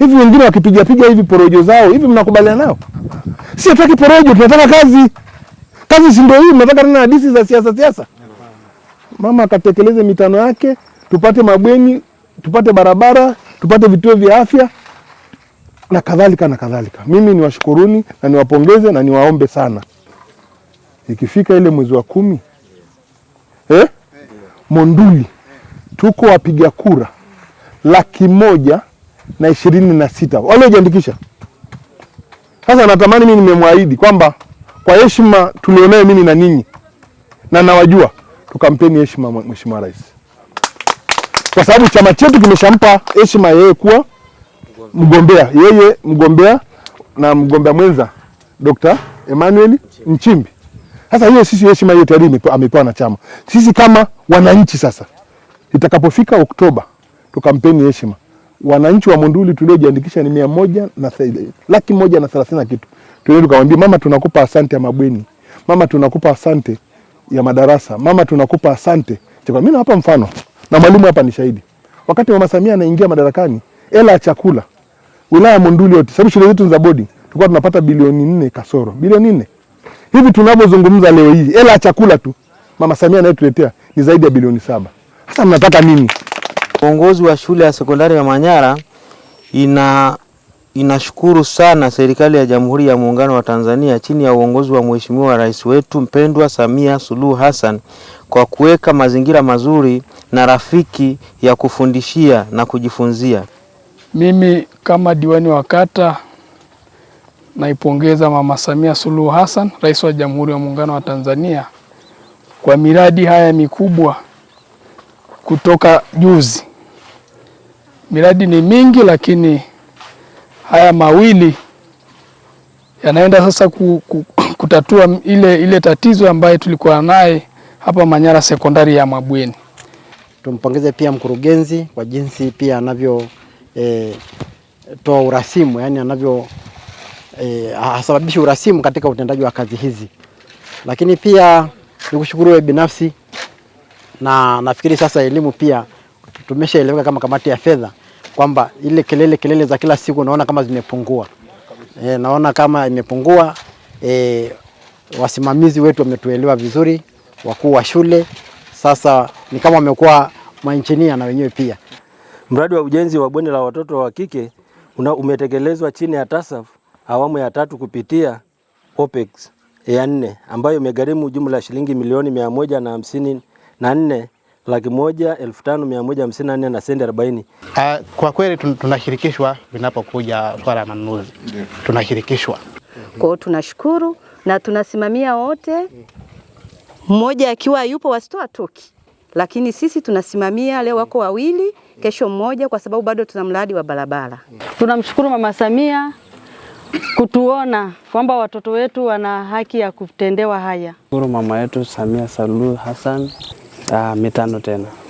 hivi wengine wakipiga piga hivi porojo zao hivi, mnakubaliana nao? Si hataki porojo, tunataka kazi. Kazi si ndio hii? Mnataka tena hadithi za siasa siasa? Mama akatekeleze mitano yake, tupate mabweni, tupate barabara, tupate vituo vya afya na kadhalika na kadhalika. Mimi niwashukuruni na niwapongeze na niwaombe sana, ikifika ile mwezi wa kumi eh? Monduli tuko wapiga kura laki moja na ishirini na sita wale hujiandikisha. Sasa natamani mimi nimemwahidi kwamba kwa heshima tulionayo mimi na ninyi na nawajua, tukampeni heshima Mheshimiwa Rais, kwa sababu chama chetu kimeshampa heshima yeye kuwa mgombea, yeye mgombea na mgombea mwenza Dr. Emmanuel Nchimbi. Sasa hiyo sisi heshima hiyo tayari amepewa na chama. Sisi kama wananchi sasa, itakapofika Oktoba tukampeni heshima wananchi wa Monduli tuliojiandikisha ni mia moja na laki moja na thelathini na kitu. Tuende tukamwambia mama, tunakupa asante ya mabweni, mama tunakupa asante ya madarasa, mama tunakupa asante. chakula. Mimi nawapa mfano na mwalimu hapa ni shahidi. Wakati mama Samia anaingia madarakani, hela ya chakula wilaya ya Monduli yote, sababu shule zetu za bodi tulikuwa tunapata bilioni nne kasoro bilioni nne hivi tunavyozungumza leo hii, hela ya chakula tu mama Samia anayetuletea ni zaidi ya bilioni saba. Sasa mnataka nini? Uongozi wa shule ya sekondari ya Manyara ina inashukuru sana serikali ya Jamhuri ya Muungano wa Tanzania chini ya uongozi wa Mheshimiwa Rais wetu mpendwa Samia Suluhu Hassan kwa kuweka mazingira mazuri na rafiki ya kufundishia na kujifunzia. Mimi kama diwani wa kata naipongeza Mama Samia Suluhu Hassan, Rais wa Jamhuri ya Muungano wa Tanzania kwa miradi haya mikubwa kutoka juzi miradi ni mingi, lakini haya mawili yanaenda sasa ku, ku, kutatua ile, ile tatizo ambayo tulikuwa naye hapa Manyara sekondari ya Mabweni. Tumpongeze pia mkurugenzi kwa jinsi pia anavyo e, toa urasimu yani anavyo e, hasababishi urasimu katika utendaji wa kazi hizi, lakini pia nikushukuru wewe binafsi, na nafikiri sasa elimu pia tumeshaeleweka kama kamati ya fedha kwamba ile kelele kelele za kila siku naona kama zimepungua. E, naona kama imepungua. E, wasimamizi wetu wametuelewa vizuri, wakuu wa shule sasa ni kama wamekuwa mainjinia na wenyewe pia. Mradi wa ujenzi wa bweni la watoto wa kike una umetekelezwa chini ya TASAF awamu ya tatu kupitia OPEX ya nne ambayo imegharimu jumla ya shilingi milioni mia moja na hamsini na nne laki moja elfu tano mia moja hamsini na nne na senti arobaini. Uh, kwa kweli tunashirikishwa vinapokuja swala ya manunuzi tunashirikishwa. Kwa tunashukuru na tunasimamia wote, mmoja akiwa yupo wasitoa toki, lakini sisi tunasimamia. Leo wako wawili, kesho mmoja, kwa sababu bado tuna mradi wa barabara. Tunamshukuru Mama Samia kutuona kwamba watoto wetu wana haki ya kutendewa haya. Shukuru mama yetu Samia Suluhu Hassan Aa, ah, mitano tena.